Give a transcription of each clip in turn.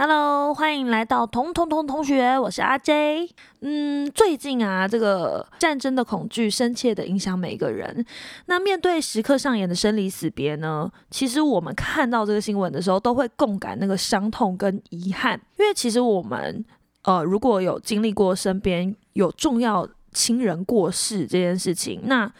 Hello，歡迎來到同同同同學，我是阿 J。嗯，最近啊，這個戰爭的恐懼深切的影響每一個人。那面對時刻上演的生離死別呢？其實我們看到這個新聞的時候，都會共感那個傷痛跟遺憾。因為其實我們呃，如果有經歷過身邊有重要親人過世這件事情，那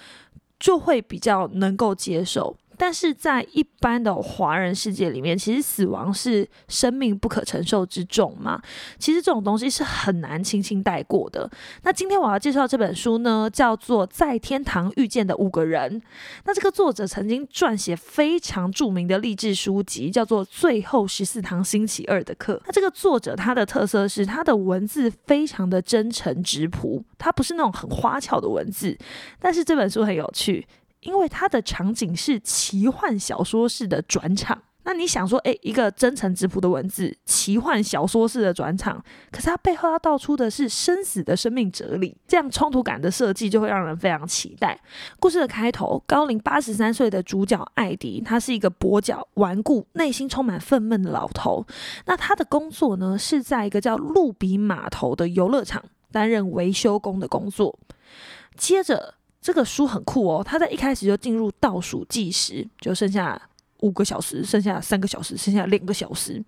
就會比較能夠接受。但是在一般的華人世界裡面，其實死亡是生命不可承受之重嘛。其實這種東西是很難輕輕帶過的。那今天我要介紹這本書呢，叫做《在天堂遇見的五個人》。那這個作者曾經撰寫非常著名的勵志書籍，叫做《最後十四堂星期二的課》。那這個作者他的特色是，他的文字非常的真誠質樸，他不是那種很花俏的文字。但是這本書很有趣。因為它的場景是奇幻小說式的轉場，那你想說，誒，一個真誠質樸的文字，奇幻小說式的轉場，可是它背後要道出的是生死的生命哲理，這樣衝突感的設計就會讓人非常期待。故事的開頭，高齡八十三歲的主角艾迪，他是一個跛腳、頑固、內心充滿憤懣的老頭。那他的工作呢，是在一個叫路比碼頭的遊樂場擔任維修工的工作。接着。這個書很酷哦，它在一開始就進入倒數計時，就剩下五個小時，剩下三個小時，剩下兩個小時。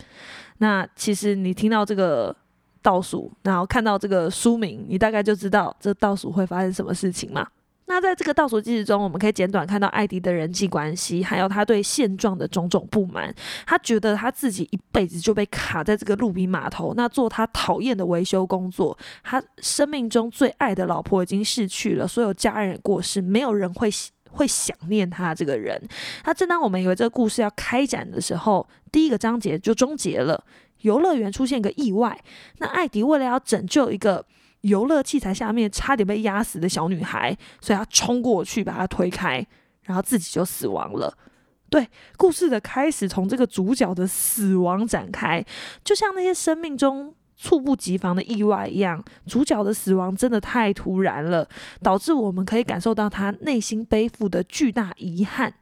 那其實你聽到這個倒數，然後看到這個書名，你大概就知道這倒數會發生什麼事情嘛。那在這個倒數計時中，我們可以簡短看到艾迪的人際關係，還有他對現狀的種種不滿。他覺得他自己一輩子就被卡在這個路邊碼頭，那做他討厭的維修工作。他生命中最愛的老婆已經逝去了，所有家人過世，沒有人會會想念他這個人。那正當我們以為這個故事要開展的時候，第一個章節就終結了。遊樂園出現個意外，那艾迪為了要拯救一個。遊樂器材下面差點被壓死的小女孩，所以她衝過去把她推開，然後自己就死亡了。對，故事的開始從這個主角的死亡展開，就像那些生命中猝不及防的意外一樣，主角的死亡真的太突然了，導致我們可以感受到他內心背負的巨大遺憾。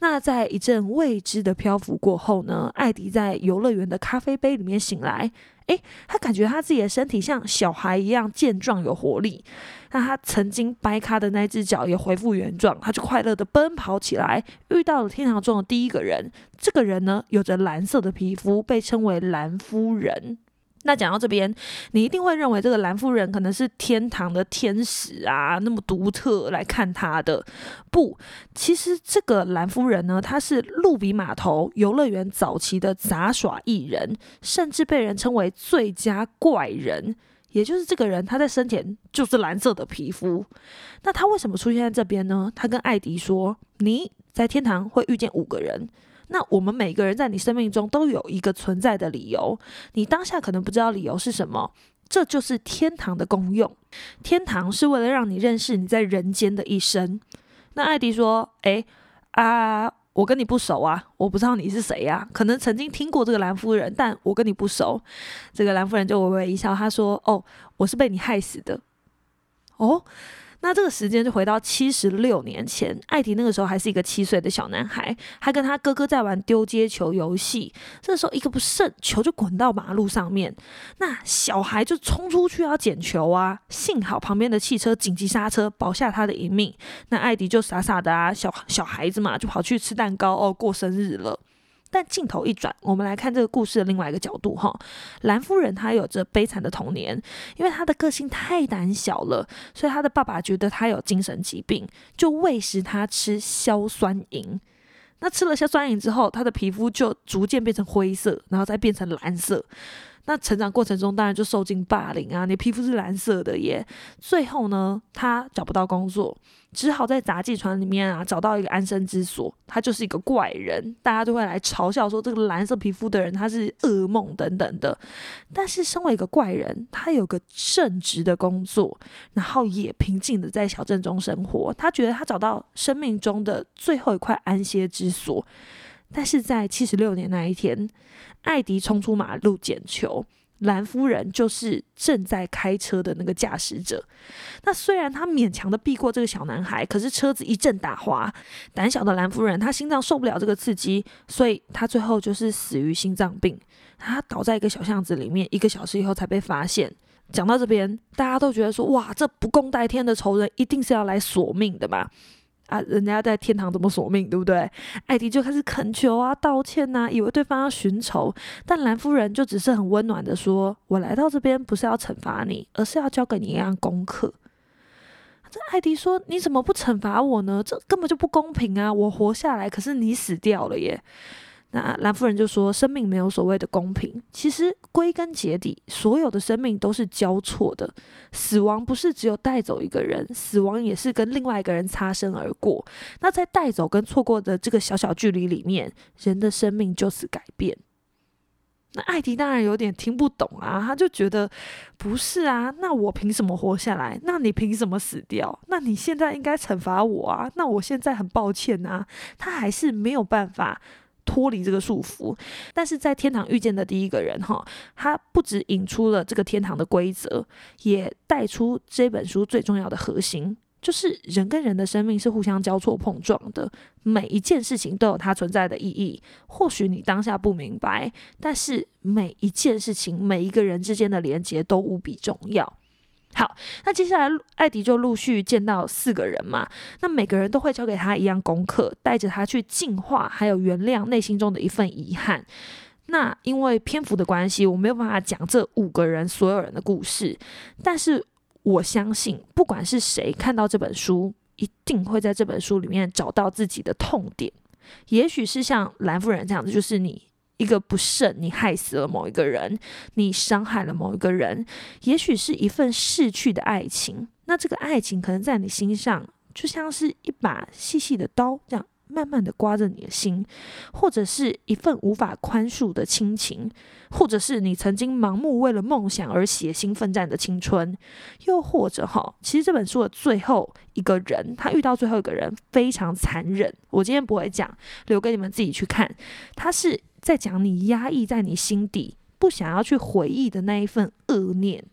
那在一陣未知的漂浮過後呢，艾迪在遊樂園的咖啡杯裡面醒來。誒，他感覺他自己的身體像小孩一樣健壯有活力，那他曾經掰咔的那隻腳也恢復原狀，他就快樂的奔跑起來，遇到了天堂中的第一個人。這個人呢，有着藍色的皮膚，被稱為藍夫人。那講到這邊，你一定會認為這個藍夫人可能是天堂的天使啊，那麼獨特來看她的。不，其實這個藍夫人呢，她是路比碼頭遊樂園早期的雜耍藝人，甚至被人稱為最佳怪人。也就是這個人，他在生前就是藍色的皮膚。那他為什麼出現在這邊呢？他跟艾迪說，你在天堂會遇見五個人。那我們每個人在你生命中都有一個存在的理由，你當下可能不知道理由是什麼，這就是天堂的功用。天堂是為了讓你認識你在人間的一生。那艾迪說：“哎啊，我跟你不熟啊，我不知道你是誰呀。啊，可能曾經聽過這個藍夫人，但我跟你不熟。”這個藍夫人就微微一笑，她說：“哦，我是被你害死的。”哦。那這個時間就回到七十六年前，艾迪那個時候還是一個七歲的小男孩，還跟他哥哥在玩丟接球遊戲。這個時候一個不慎，球就滾到馬路上面，那小孩就衝出去要撿球啊。幸好旁邊的汽車緊急剎車，保下他的一命。那艾迪就傻傻的啊，小小孩子嘛，就跑去吃蛋糕哦，過生日了。但鏡頭一轉，我們來看這個故事的另外一個角度哈。藍夫人她有着悲慘的童年，因為她的個性太膽小了，所以她的爸爸覺得她有精神疾病，就餵食她吃硝酸銀。那吃了硝酸銀之後，她的皮膚就逐漸變成灰色，然後再變成藍色。那成長過程中，當然就受盡霸凌啊！你皮膚是藍色的耶。最後呢，他找不到工作，只好在雜技團裡面啊，找到一個安身之所。他就是一個怪人，大家都會來嘲笑說這個藍色皮膚的人他是噩夢等等的。但是身為一個怪人，他有個正職的工作，然後也平靜的在小鎮中生活。他覺得他找到生命中的最後一塊安歇之所。但是在七十六年那一天，艾迪衝出馬路撿球，藍夫人就是正在開車的那個駕駛者。那雖然他勉強的避過這個小男孩，可是車子一陣打滑，膽小的藍夫人她心臟受不了這個刺激，所以她最後就是死於心臟病。她倒在一個小巷子裡面，一個小時以後才被發現。講到這邊，大家都覺得說，哇，這不共戴天的仇人一定是要來索命的吧？啊，人家在天堂怎麼索命，對不對？艾迪就開始懇求啊、道歉吶、啊，以為對方要尋仇，但藍夫人就只是很溫暖的說：“我來到這邊不是要懲罰你，而是要教給你一樣功課。”這艾迪說：“你怎麼不懲罰我呢？這根本就不公平啊！我活下來，可是你死掉了耶。”那藍夫人就說：“生命沒有所謂的公平，其實歸根結底，所有的生命都是交錯的。死亡不是只有帶走一個人，死亡也是跟另外一個人擦身而過。那在帶走跟錯過的這個小小距離裡面，人的生命就此改變。那艾迪當然有點聽不懂啊，他就覺得不是啊，那我憑什麼活下來？那你憑什麼死掉？那你現在應該懲罰我啊？那我現在很抱歉啊。他還是沒有辦法。”脫離這個束縛，但是在天堂遇見的第一個人，哈，他不只引出了這個天堂的規則，也帶出這本書最重要的核心，就是人跟人的生命是互相交錯碰撞的，每一件事情都有它存在的意義。或許你當下不明白，但是每一件事情、每一個人之間的連結都無比重要。好，那接下來艾迪就陸續見到四個人嘛，那每個人都會交給他一樣功課，帶着他去淨化，還有原諒內心中的一份遺憾。那因為篇幅的關係，我沒有辦法講這五個人所有人的故事，但是我相信，不管是誰看到這本書，一定會在這本書裡面找到自己的痛點，也許是像藍夫人這樣子，就是你。一個不慎，你害死了某一個人，你傷害了某一個人，也許是一份逝去的愛情。那這個愛情可能在你心上，就像是一把細細的刀，這樣。慢慢地刮着你的心，或者是一份無法寬恕的親情，或者是你曾經盲目為了夢想而血腥奮戰的青春，又或者吼，其實這本書的最後一個人，他遇到最後一個人非常殘忍。我今天不會講，留給你們自己去看。他是在講你壓抑在你心底，不想要去回憶的那一份惡念。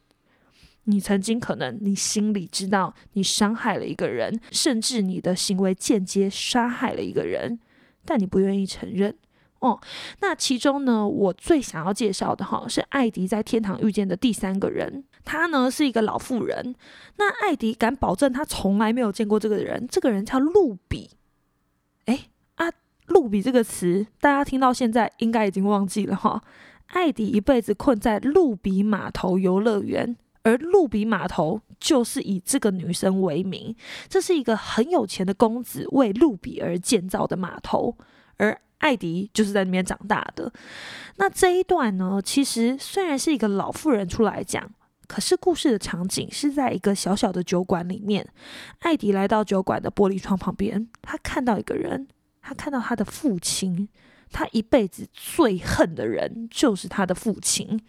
你曾經可能你心裡知道你傷害了一個人，甚至你的行為間接殺害了一個人，但你不願意承認。哦，那其中呢，我最想要介紹的哈，是艾迪在天堂遇見的第三個人，他呢是一個老婦人。那艾迪敢保證，他從來沒有見過這個人。這個人叫露比。哎，啊，露比這個詞，大家聽到現在應該已經忘記了哈。艾迪一輩子困在露比碼頭遊樂園。而露比碼頭就是以這個女生為名，這是一個很有錢的公子為露比而建造的碼頭，而艾迪就是在那邊長大的。那這一段呢，其實雖然是一個老婦人出來講，可是故事的場景是在一個小小的酒館裡面。艾迪來到酒館的玻璃窗旁邊，他看到一個人，他看到他的父親，他一輩子最恨的人就是他的父親。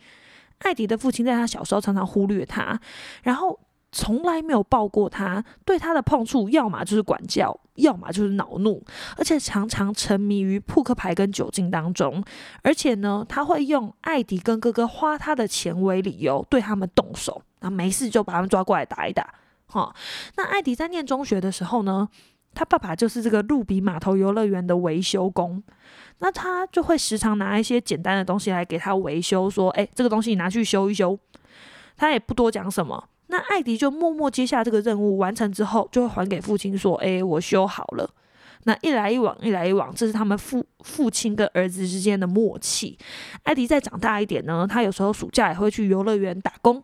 艾迪的父親在他小時候常常忽略他，然後從來沒有抱過他，對他的碰觸要麼就是管教，要麼就是惱怒，而且常常沉迷於撲克牌跟酒精當中。而且呢，他會用艾迪跟哥哥花他的錢為理由對他們動手，那沒事就把他們抓過來打一打。哈，那艾迪在念中學的時候呢，他爸爸就是這個路比碼頭遊樂園的維修工，那他就會時常拿一些簡單的東西來給他維修，說：“哎、欸，這個東西你拿去修一修。”他也不多講什麼，那艾迪就默默接下這個任務，完成之後就會還給父親說：“哎、欸，我修好了。”那一來一往，一來一往，這是他們父父親跟兒子之間的默契。艾迪再長大一點呢，他有時候暑假也會去遊樂園打工。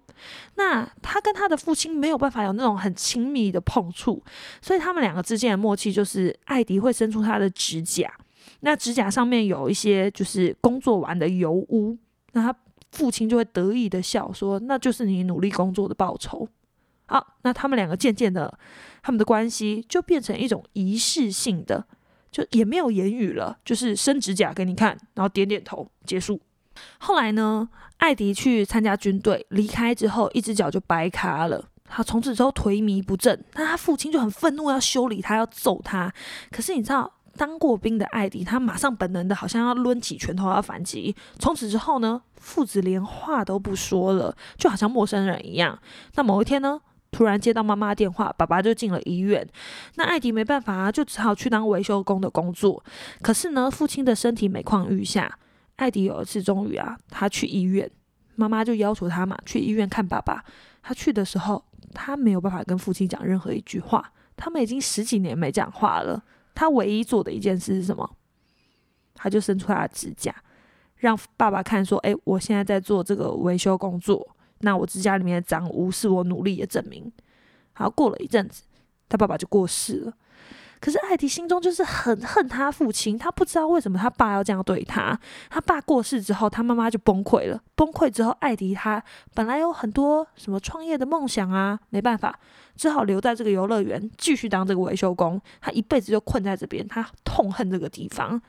那他跟他的父親沒有辦法有那種很親密的碰觸，所以他們兩個之間的默契就是，艾迪會伸出他的指甲，那指甲上面有一些就是工作完的油污，那他父親就會得意的笑說，那就是你努力工作的報酬。好，啊，那他們兩個漸漸的，他們的關係就變成一種儀式性的，就也沒有言語了，就是伸指甲給你看，然後點點頭結束。後來呢，艾迪去參加軍隊，離開之後，一隻腳就白卡了，他從此之後頹靡不振。那他父親就很憤怒，要修理他，要揍他。可是你知道，當過兵的艾迪，他馬上本能的好像要掄起拳頭要反擊。從此之後呢，父子連話都不說了，就好像陌生人一樣。那某一天呢，突然接到媽媽電話，爸爸就進了醫院。那艾迪沒辦法啊，就只好去當維修工的工作。可是呢，父親的身體每況愈下。艾迪有一次，終於啊，他去醫院，媽媽就要求他嘛，去醫院看爸爸。他去的時候，他沒有辦法跟父親講任何一句話，他們已經十幾年沒講話了。他唯一做的一件事是什麼？他就伸出他的指甲，讓爸爸看，說：“誒、欸，我現在在做這個維修工作。”那我指甲裡面的髒污是我努力的證明。好，過了一陣子，他爸爸就過世了。可是艾迪心中就是很恨他父親，他不知道為什麼他爸要這樣對他。他爸過世之後，他媽媽就崩潰了。崩潰之後，艾迪他本來有很多什麼創業的夢想啊，沒辦法，只好留在這個遊樂園繼續當這個維修工。他一輩子就困在這邊，他痛恨這個地方。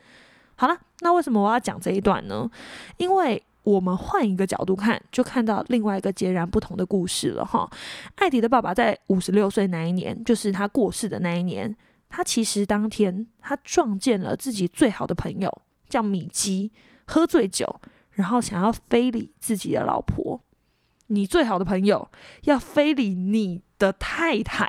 好了，那為什麼我要講這一段呢？因為。我們換一個角度看，就看到另外一個截然不同的故事了哈。艾迪的爸爸在五十六歲那一年，就是他過世的那一年，他其實當天他撞見了自己最好的朋友，叫米基，喝醉酒，然後想要非禮自己的老婆。你最好的朋友要非禮你的太太。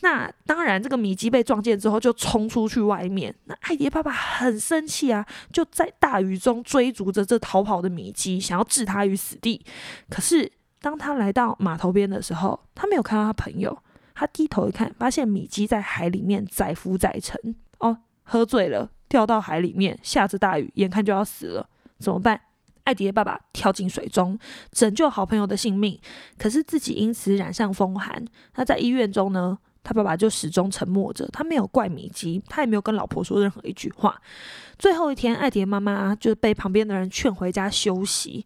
那當然，這個米基被撞見之後，就衝出去外面。那艾迪爸爸很生氣啊，就在大雨中追逐着這逃跑的米基，想要置他於死地。可是當他來到碼頭邊的時候，他沒有看到他朋友。他低頭一看，發現米基在海裡面載浮載沉哦，喝醉了掉到海裡面，下着大雨，眼看就要死了，怎麼辦？艾迪的爸爸跳進水中，拯救好朋友的性命，可是自己因此染上風寒。那在醫院中呢？他爸爸就始終沉默着，他沒有怪米基，他也沒有跟老婆說任何一句話。最後一天，艾迪的媽媽就被旁邊的人勸回家休息。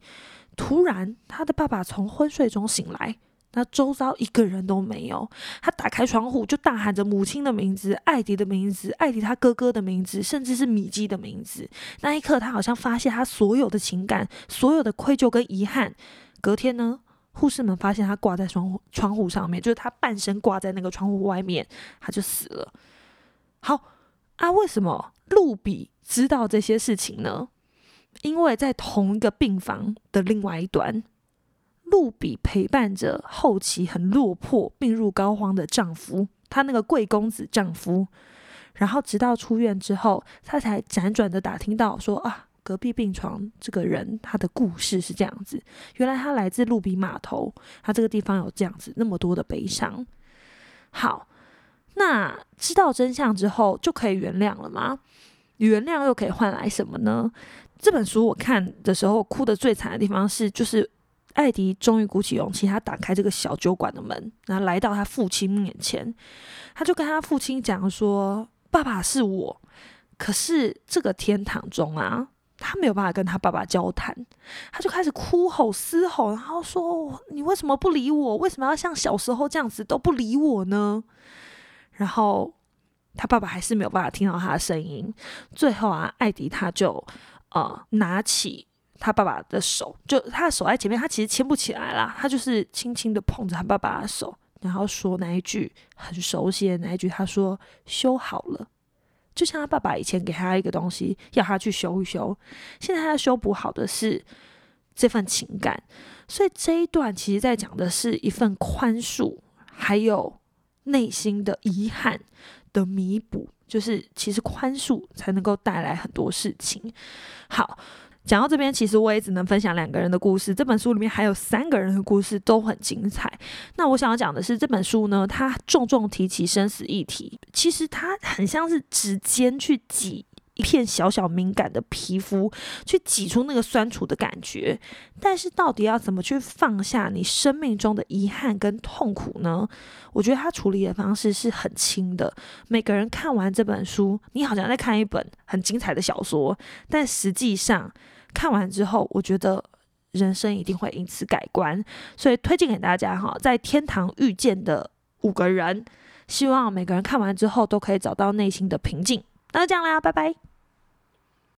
突然，他的爸爸從昏睡中醒來，那周遭一個人都沒有。他打開窗戶，就大喊着母親的名字、艾迪的名字、艾迪他哥哥的名字，甚至是米基的名字。那一刻，他好像發現他所有的情感、所有的愧疚跟遺憾。隔天呢？護士們發現她掛在窗戶窗戶上面，就是她半身掛在那個窗戶外面，她就死了。好啊，為什麼露比知道這些事情呢？因為在同一個病房的另外一端，露比陪伴着後期很落魄、病入膏肓的丈夫，她那個貴公子丈夫。然後直到出院之後，她才輾轉的打聽到說啊。隔壁病床這個人，他的故事是這樣子。原來他來自露比碼頭，他這個地方有這樣子那麼多的悲傷。好，那知道真相之後就可以原諒了嗎？原諒又可以換來什麼呢？這本書我看的時候哭得最慘的地方是，就是艾迪終於鼓起勇氣，他打開這個小酒館的門，然後來到他父親面前，他就跟他父親講說：“爸爸是我，可是這個天堂中啊。”他沒有辦法跟他爸爸交談，他就開始哭吼、嘶吼，然後說：“你為什麼不理我？為什麼要像小時候這樣子都不理我呢？”然後他爸爸還是沒有辦法聽到他的聲音。最後啊，艾迪他就呃拿起他爸爸的手，就他的手在前面，他其實牽不起來啦，他就是輕輕的碰着他爸爸的手，然後說那一句很熟悉的那一句，他說：“修好了。”就像他爸爸以前給他一個東西，要他去修一修。現在他要修補好的是這份情感。所以這一段其實在講的是一份寬恕，還有內心的遺憾的彌補。就是其實寬恕才能夠帶來很多事情。好。講到這邊，其實我也只能分享兩個人的故事。這本書裡面還有三個人的故事，都很精彩。那我想要講的是，這本書呢，它重重提起生死議題。其實它很像是指尖去擠一片小小敏感的皮膚，去擠出那個酸楚的感覺。但是到底要怎麼去放下你生命中的遺憾跟痛苦呢？我覺得它處理的方式是很輕的。每個人看完這本書，你好像在看一本很精彩的小說，但實際上。看完之後，我覺得人生一定會因此改觀。所以推薦給大家哈，在天堂遇見的五個人，希望每個人看完之後都可以找到內心的平靜。那就這樣啦，拜拜。